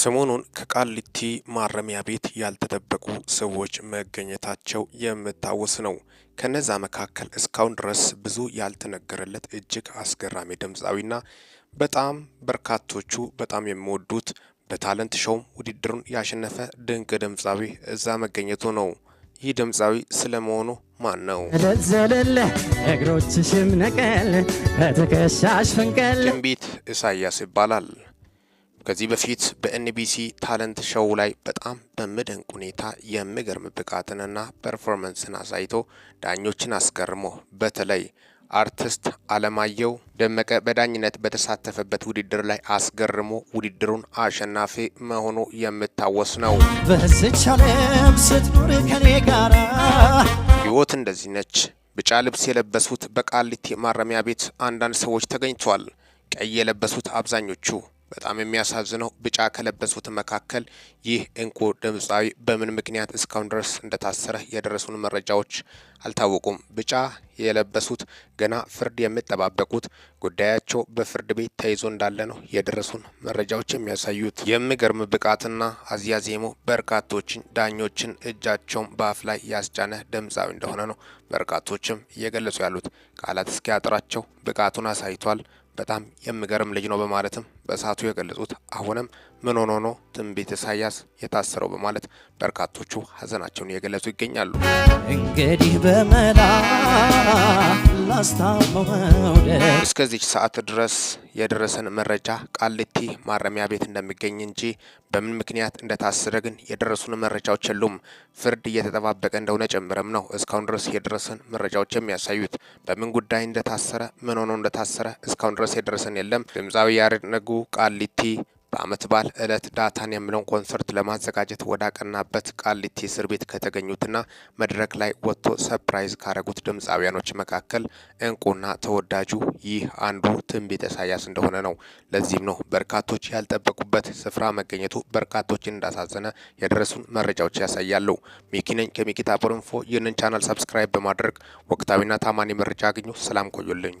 ሰሞኑን ከቃሊቲ ማረሚያ ቤት ያልተጠበቁ ሰዎች መገኘታቸው የሚታወስ ነው። ከነዛ መካከል እስካሁን ድረስ ብዙ ያልተነገረለት እጅግ አስገራሚ ድምፃዊና በጣም በርካቶቹ በጣም የሚወዱት በታለንት ሾውም ውድድሩን ያሸነፈ ድንቅ ድምፃዊ እዛ መገኘቱ ነው። ይህ ድምፃዊ ስለመሆኑ ማን ነው? ዘለለ እግሮችሽም ነቀል በትከሻሽ ፍንቀል ትንቢት ኢሳያስ ይባላል። ከዚህ በፊት በኤንቢሲ ታለንት ሸው ላይ በጣም በምደንቅ ሁኔታ የሚገርም ብቃትንና ፐርፎርመንስን አሳይቶ ዳኞችን አስገርሞ በተለይ አርቲስት አለማየሁ ደመቀ በዳኝነት በተሳተፈበት ውድድር ላይ አስገርሞ ውድድሩን አሸናፊ መሆኑ የሚታወስ ነው። በዚች ዓለም ስትኖር ከኔ ጋራ እንደዚህ ነች። ቢጫ ልብስ የለበሱት በቃሊቲ ማረሚያ ቤት አንዳንድ ሰዎች ተገኝተዋል። ቀይ የለበሱት አብዛኞቹ በጣም የሚያሳዝነው ብጫ ከለበሱት መካከል ይህ እንቁ ድምፃዊ በምን ምክንያት እስካሁን ድረስ እንደታሰረ የደረሱን መረጃዎች አልታወቁም። ብጫ የለበሱት ገና ፍርድ የሚጠባበቁት ጉዳያቸው በፍርድ ቤት ተይዞ እንዳለ ነው የደረሱን መረጃዎች የሚያሳዩት። የሚገርም ብቃትና አዝያዜሙ በርካቶችን ዳኞችን እጃቸውን በአፍ ላይ ያስጫነ ድምፃዊ እንደሆነ ነው በርካቶችም እየገለጹ ያሉት። ቃላት እስኪያጥራቸው ብቃቱን አሳይቷል። በጣም የሚገርም ልጅ ነው በማለትም በሰዓቱ የገለጹት አሁንም ምን ሆኖ ነው ትንቢት ኢሳያስ የታሰረው በማለት በርካቶቹ ሀዘናቸውን እየገለጹ ይገኛሉ። እንግዲህ በመላ እስከዚች ሰዓት ድረስ የደረሰን መረጃ ቃሊቲ ማረሚያ ቤት እንደሚገኝ እንጂ በምን ምክንያት እንደታሰረ ግን የደረሱን መረጃዎች የሉም። ፍርድ እየተጠባበቀ እንደሆነ ጨምረም ነው እስካሁን ድረስ የደረሰን መረጃዎች የሚያሳዩት። በምን ጉዳይ እንደታሰረ ምን ሆኖ እንደታሰረ እስካሁን ድረስ የደረሰን የለም። ድምፃዊ ያሬድ ነጉ ቃሊቲ በዓመት በዓል ዕለት ዳታን የሚለውን ኮንሰርት ለማዘጋጀት ወዳቀናበት ቃሊቲ እስር ቤት ከተገኙትና መድረክ ላይ ወጥቶ ሰፕራይዝ ካረጉት ድምፃውያኖች መካከል እንቁና ተወዳጁ ይህ አንዱ ትንቢተ ኢሳያስ እንደሆነ ነው። ለዚህም ነው በርካቶች ያልጠበቁበት ስፍራ መገኘቱ በርካቶችን እንዳሳዘነ የደረሱን መረጃዎች ያሳያሉ። ሚኪነኝ ከሚኪታ ፖርንፎ። ይህንን ቻናል ሰብስክራይብ በማድረግ ወቅታዊና ታማኒ መረጃ አግኙ። ሰላም ቆዩልኝ።